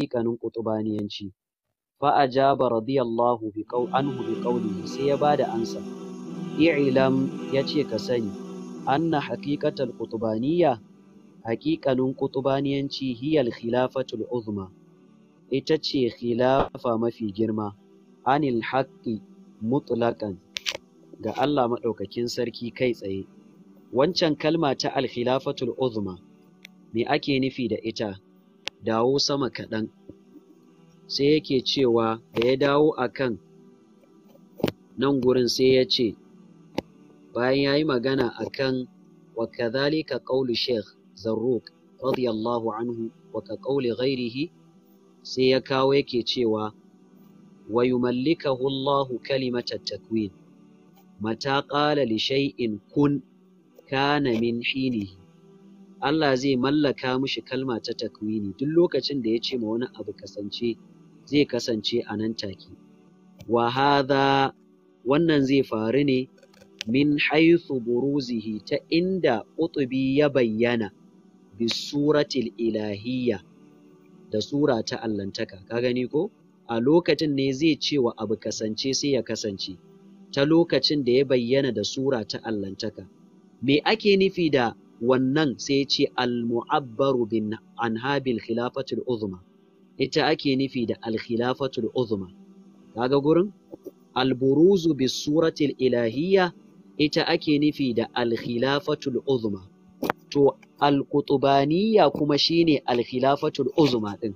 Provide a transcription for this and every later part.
haƙiƙanin Ƙuɗubaniyanci. Fa'ajaba radiyallahu anhu bi qawlihi sai ya bada ansa. I'lam ya ce ka sani, anna haƙiƙatar Ƙuɗubaniya haƙiƙanin Ƙuɗubaniyanci hiyal khilafatul uzma. Ita ce khilafa mafi girma, anil haƙƙi mutlaƙan ga Allah maɗaukakin sarki kai tsaye. Wancan kalma ta alkhilafatul uzma, me ake nufi da ita? dawo sama kaɗan sai yake cewa da ya dawo a kan nan gurin sai ya ce bayan ya yi magana a kan wa kadhalika qawlu sheikh zarruq radiyallahu anhu wa ka qawli ghairihi sai ya kawo yake cewa wa yumallikahu Allahu kalimatat takwin mata ƙala li shay'in kun kana min hinihi Allah zai mallaka mishi kalma ta takwini duk lokacin da ya ce ma wani abu kasance zai kasance a nan take wa hadha wannan zai faru ne min haythu buruzihi ta inda qutbi ya bayyana bi suratil ilahiyya da sura ta allantaka ka gani ko a lokacin ne zai ce wa abu kasance sai ya kasance ta lokacin da ya bayyana da sura ta allantaka me ake nufi da wannan sai ce al-mu'abbaru bin anha khilafatul uzma ita ake nufi da al-khilafatul uzma kaga gurin al-buruzu bis suratil ilahiyya ita ake nufi da al-khilafatul uzma to al-qutbaniyya kuma shine al-khilafatul uzma din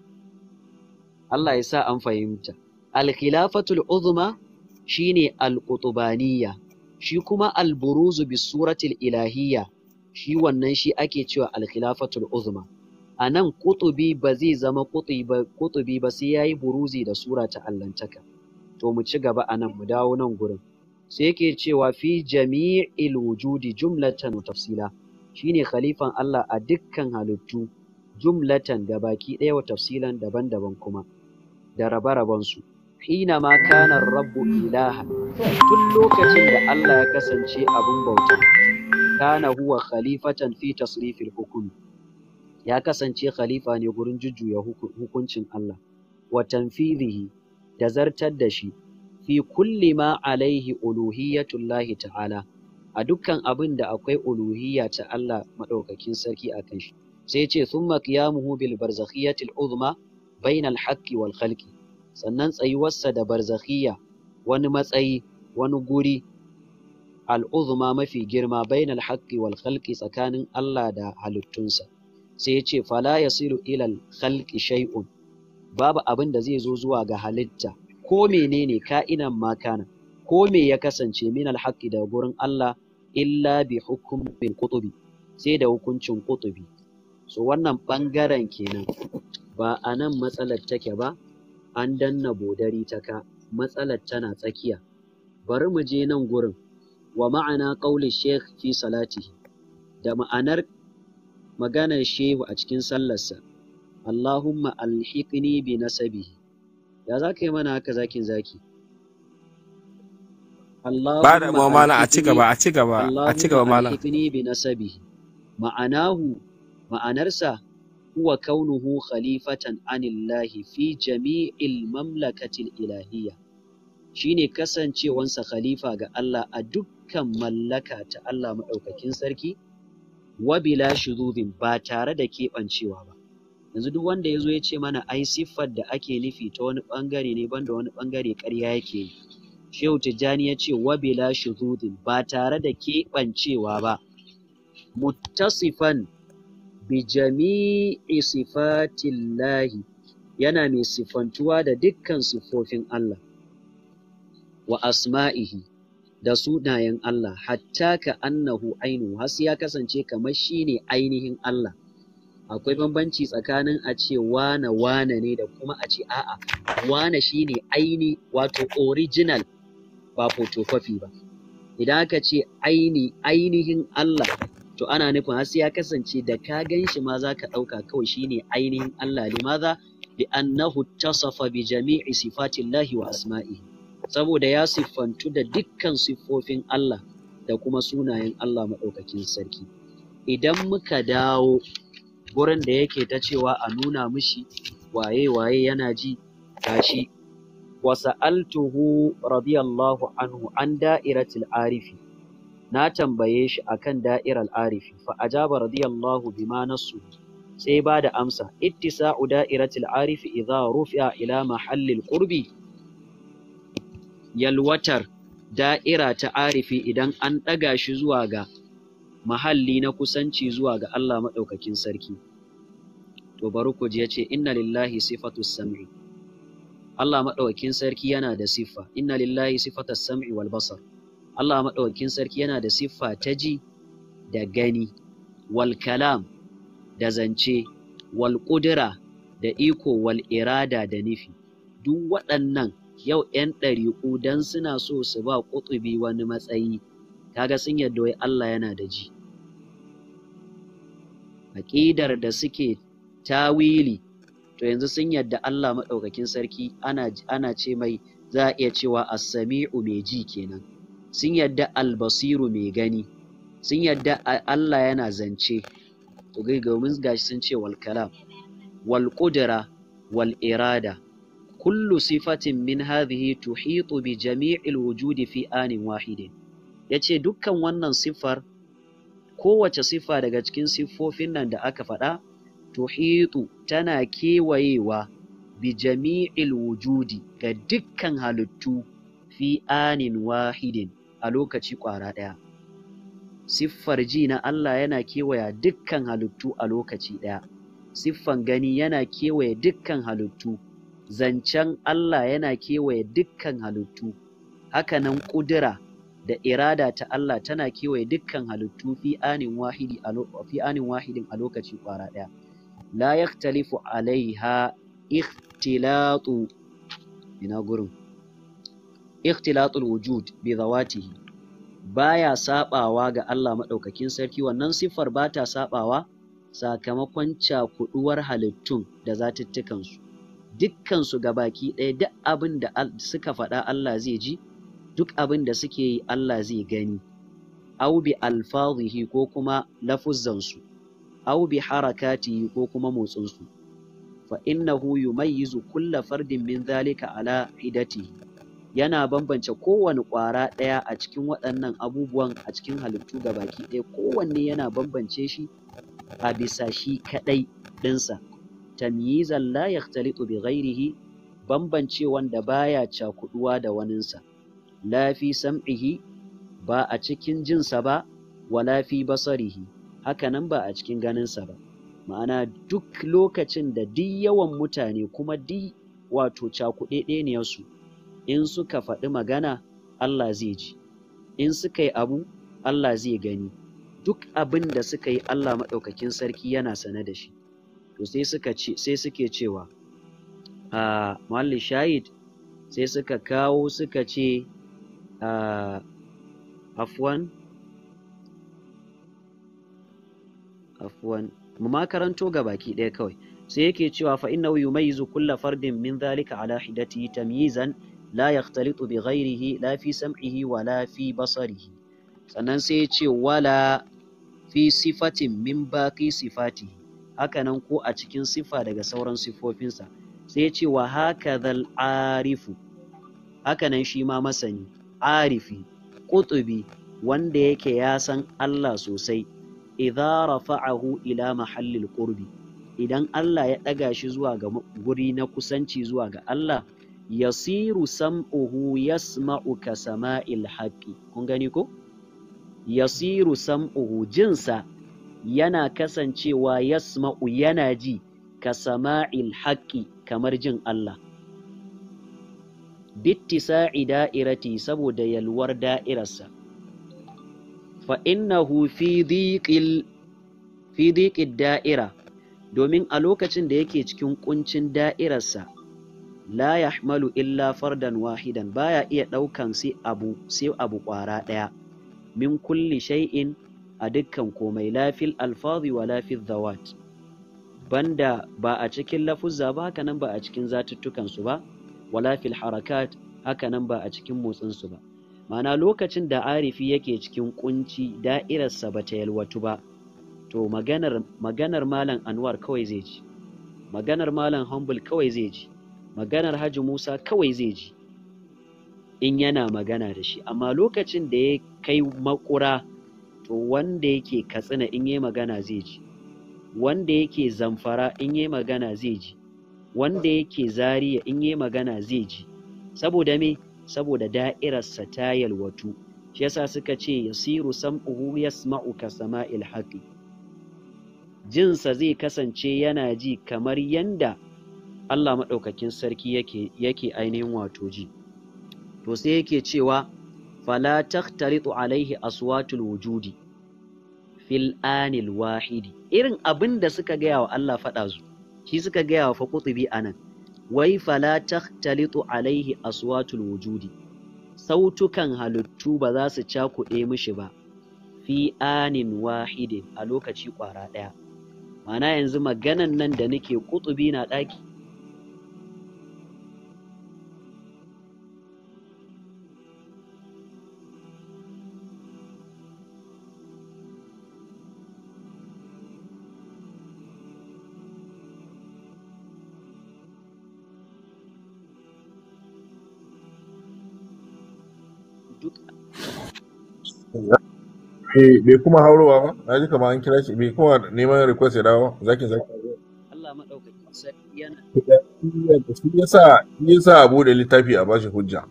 Allah ya sa an fahimta al-khilafatul uzma shine al shi kuma al-buruzu bis suratil ilahiyya shi wannan shi ake cewa alkhilafatul uzma a nan kutubi ba zai zama kutubi ba sai ya yi buruzi da sura ta allantaka to mu ci gaba a nan mu dawo nan gurin sai yake cewa fi jami'il wujudi jumlatan tafsila shine khalifan Allah a dukkan halittu jumlatan da baki ɗaya wa tafsilan daban-daban kuma da rabe su hina ma kana rabbu ilaha tun lokacin da Allah ya kasance abun bauta kana huwa khalifatan fi tasrifil ya kasance khalifa ne gurin jujjuya hukuncin Allah wa tanfidhihi da zartar da shi fi kulli ma alaihi uluhiyatullahi ta'ala a dukkan abin da akwai uluhiyya ta Allah madaukakin sarki akan shi sai ce thumma qiyamuhu bil barzakhiyatil uzma bainal haqqi wal khalqi sannan tsayuwarsa da barzakhiyya wani matsayi wani guri al'uzuma mafi girma bainal alhaki, wal khalqi tsakanin Allah da halittunsa sai ce fala ya siru ilal khalqi shay'un babu abin da zai zo zuwa ga halitta ko menene ka'inan makana ko me ya kasance min alhaki daga gurin Allah illa bi hukumin kutubi sai da hukuncin kutubi so wannan bangaren kenan ba a nan matsalar take ba an danna bodari taka. matsalar tana tsakiya bari mu je nan gurin wa ma'ana ƙauli sheikh fi salati da ma'anar maganar shehu a cikin sallarsa Allahumma alhiqni bi nasabihi ya za ka yi mana haka zakin zaki ba da ma mana a ci gaba a ci gaba a ci gaba mana alhiqni bi nasabihi ma'anahu ma'anarsa huwa kaunuhu khalifatan anillahi fi jami'il mamlakatil ilahiyya shine kasancewansa khalifa ga Allah a dukkan mallaka ta Allah maɗaukakin sarki wa bila shuzubin ba tare da keɓancewa ba yanzu duk wanda ya zo ya ce mana ai siffar da ake nufi ta wani ɓangare ne banda wani ɓangare ƙarya yake yi shehu tijjani ya ce wa bila shuzubin ba tare da keɓancewa ba muttasifan bi jami'i sifatillahi yana mai sifantuwa da dukkan sifofin Allah wa asma'ihi da sunayen Allah hatta ka annahu ainu has ya kasance kamar shi ne ainihin Allah akwai bambanci tsakanin a ce wane wane ne da kuma a ce a'a Wana shi ne aini wato original ba photocopy ba idan aka ce aini ainihin Allah to ana nufin has ya kasance da ka gan shi ma za ka ɗauka kawai shi ne ainihin Allah limaza bi annahu tasafa bi jami'i sifatillahi wa asma'ihi saboda ya siffantu da dukkan siffofin Allah da kuma sunayen Allah maɗaukakin sarki idan muka dawo gurin da yake ta cewa a nuna mishi waye waye yana ji gashi wasa'altuhu radiyallahu anhu an da'iratil arifi na tambaye shi akan da'iral arifi fa ajaba radiyallahu bima nasu sai ba da amsa ittisa'u da'iratil arifi idza rufi'a ila mahallil qurbi yalwatar da'ira ta arifi idan an ɗaga shi zuwa ga mahalli na kusanci zuwa ga Allah maɗaukakin sarki. To bari ku ya ce, Inna lillahi sifatu sam'i. Allah maɗaukakin sarki yana da siffa, Inna lillahi sifatu sam'i wal basar. Allah maɗaukakin sarki yana da siffa ta ji da gani, wal kalam da zance, wal ƙudura da iko, wal irada da nufi. Duk waɗannan yau yan ɗariƙu dan suna so su ba ƙutubi wani matsayi kaga sun yadda wai Allah yana da ji aƙidar da suke tawili to yanzu sun yadda Allah maɗaukakin sarki ana ce mai za a iya cewa as-sami'u mai ji kenan sun yadda Albasiru mai gani sun yadda Allah yana zance to gai gashi sun ce wal kalam wal wal irada Kullu صفة من هذه تحيط بجميع الوجود في آن واحد yace dukkan wannan sifar kowace siffa daga cikin siffofin nan da aka faɗa tuhitu tana kewayewa bi jami'il wujudi ga dukkan halittu fi'anin wahidin a lokaci ƙwara ɗaya siffar ji na Allah yana kewaya dukkan halittu a lokaci ɗaya siffan gani yana kewaye dukkan halittu zancen Allah yana kewaye dukkan halittu hakanan ƙudura da irada ta Allah tana kewaye dukkan halittu fi anin wahidi fi anin wahidin a lokaci kwara ɗaya la yaktalifu alaiha ikhtilatu ina gurin Ikhtilatu wujud bi zawatihi baya sabawa ga Allah madaukakin sarki wannan siffar bata sabawa sakamakon cakuduwar halittun da zatuttukan su dukkansu baki ɗaya duk abin da suka faɗa Allah zai ji duk abin da suke yi Allah zai gani au bi alfazihi ko kuma lafuzzansu au bi harakatihi ko kuma motsinsu fa innahu yumayyizu kulla fardin min zalika ala idatihi yana bambance kowane ƙwara ɗaya a cikin waɗannan abubuwan a cikin halittu baki ɗaya kowanne yana bambance shi a bisa shi kaɗai ɗinsa tamyizan la yakhtalitu bi ghairihi bambancewan da baya cakuɗuwa da waninsa Lafi fi ba a cikin jinsa ba wala fi basarihi hakanan ba a cikin ganinsa ba ma'ana duk lokacin da duk yawan mutane kuma di wato cakuɗeɗeniyarsu in suka faɗi magana Allah zai ji in suka yi abu Allah zai gani duk abin da suka yi Allah maɗaukakin sarki yana sane da shi to sai suka ce sai suke cewa a muhalli shahid sai suka kawo suka ce a afwan afwan mu karanto ga baki ɗaya kawai sai yake cewa fa innahu yumayyizu kulla fardin min dhalika ala hidatihi tamyizan la yakhtalitu bi ghayrihi la fi sam'ihi wa la fi basarihi sannan sai ya ce wala fi sifatin min baqi sifatihi hakanan ko a cikin sifa daga sauran sifofinsa. sai ce wa hakadhal arifu hakanan shi ma masani arifi qutubi wanda yake ya san Allah sosai idza rafa'ahu ila mahallil qurbi idan Allah ya ɗaga shi zuwa ga guri na kusanci zuwa ga Allah yasiru sam'uhu yasma'u ka sama'il haqqi kun gani ko yasiru sam'uhu jinsa yana kasancewa yasma'u yana ji ka sama'il haƙƙi kamar jin Allah Sa'i da'irati saboda yalwar da'irarsa fa innahu fi fi da'ira domin a lokacin da yake cikin ƙuncin da'irarsa la yahmalu illa fardan wahidan baya iya ɗaukan sai abu ƙwara ɗaya min kulli shay'in a dukkan komai lafil alfazi wa lafil zawat banda ba a cikin lafuzza ba hakanan ba a cikin zatuttukansu ba wala fil harakat hakanan ba a cikin motsinsu ba ma'ana lokacin da arifi yake cikin kunci da'irarsa ba ta yalwatu ba to maganar maganar malam anwar kawai zai ji maganar malam humble kawai zai ji maganar haji musa kawai zai ji in yana magana da shi amma lokacin da ya kai makura to wanda yake katsina in yi magana zai ji wanda yake zamfara in yi magana zai ji wanda yake zariya in yi magana zai ji saboda me saboda da'irarsa ta yalwatu shi yasa suka ce yasiru sam'uhu yasma'u ka sama'il haqi jinsa zai kasance yana ji kamar yanda Allah maɗaukakin sarki yake yake ainihin wato ji to sai yake cewa fala takhtaritu alaihi aswatul wujudi fil wahidi irin abinda suka gaya wa Allah faɗa shi suka gaya wa faqutubi anan wai fala takhtalitu alaihi aswatul wujudi sautukan halittu ba za su cakuɗe mishi ba fi anin wahidin a lokaci ƙwara ɗaya mana yanzu maganan nan da nake kutubi na ɗaki Eh, bai kuma haurowa ba, na ji kamar an kira shi, bai kuma neman request ya dawo ba, zakin zaki. Allah madaukaki sai yana. Shi yasa, yasa abu da littafi a bashi hujja.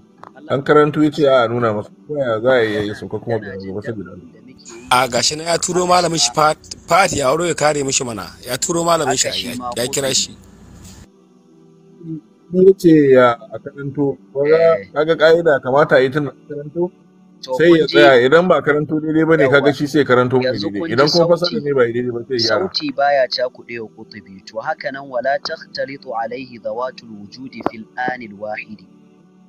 An karanto ya ce a nuna masa, ya za a yi sauka kuma bai yi ba saboda. A gashi na ya turo malamin shi Fati ya hauro ya kare mishi mana, ya turo malamin shi ya kira shi. Ya ce ya a karanto, eh. ga ka'ida kamata a yi tun karanto, sai ya tsaya idan ba karanto daidai bane kaga shi sai karanto mai daidai idan kuma fasara ne ba daidai ba sai ya sauti baya cakuɗe wa kutubi to haka nan wala takhtalitu alaihi dawatul wujudi fil anil wahidi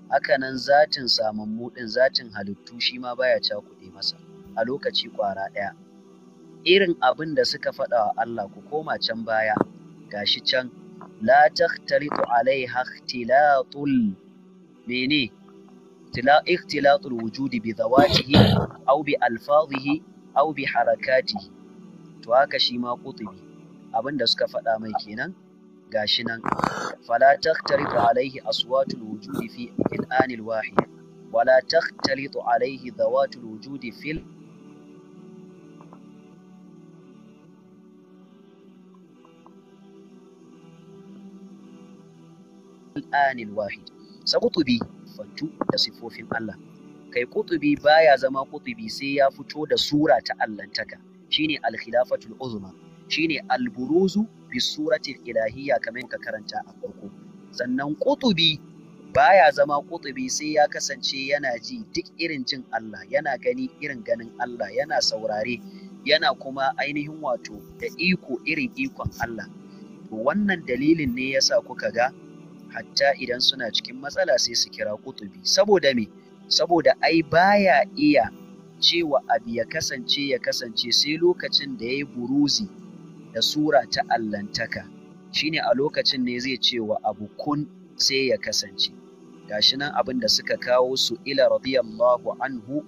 haka nan zatin samun din zatin halittu shi ma baya cakuɗe masa a lokaci kwara ɗaya irin abin da suka faɗa wa Allah ku koma can baya gashi can la takhtalitu alaihi ikhtilatul mene اختلاط الوجود بذواته او بالفاظه او بحركاته تو هكا شي ما قطبي ابن ده سكا فدا مي فلا تختلط عليه اصوات الوجود في الان الواحد ولا تختلط عليه ذوات الوجود في ال... الان الواحد سقطبي siffantu da sifofin Allah kai kutubi baya zama kutubi sai ya fito da sura ta allahntaka, shine al-khilafatul uzma shine al-buruzu bi suratil ilahiyya kamar ka karanta a farko sannan kutubi baya zama kutubi sai ya kasance yana ji duk irin jin Allah yana gani irin ganin Allah yana saurare yana kuma ainihin wato da iko irin ikon Allah wannan dalilin ne yasa kuka ga hatta idan suna cikin matsala sai su kira kutubi saboda me saboda ai baya iya cewa abu ya kasance ya kasance sai lokacin da ya yi buruzi da sura ta allantaka shine a lokacin ne zai cewa abu kun sai ya kasance gashi nan abin da suka kawo su ila radiyallahu anhu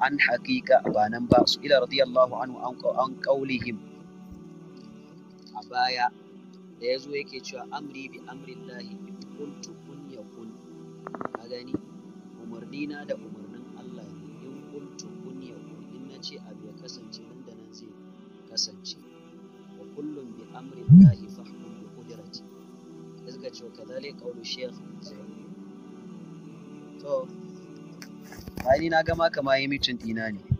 an hakika ba nan ba su ila radiyallahu anhu an kaulihim a baya da ya zo yake cewa amri bi amrillahi qultu kun yakun ka gani umarni na da umarnin Allah ne in qultu kun yakun in ce abu ya kasance nan da nan zai kasance wa kullum bi amri Allah fahkum bi qudrati ce wa kadalika qawlu shaykh to bayan na gama kamar yi mitin dina ne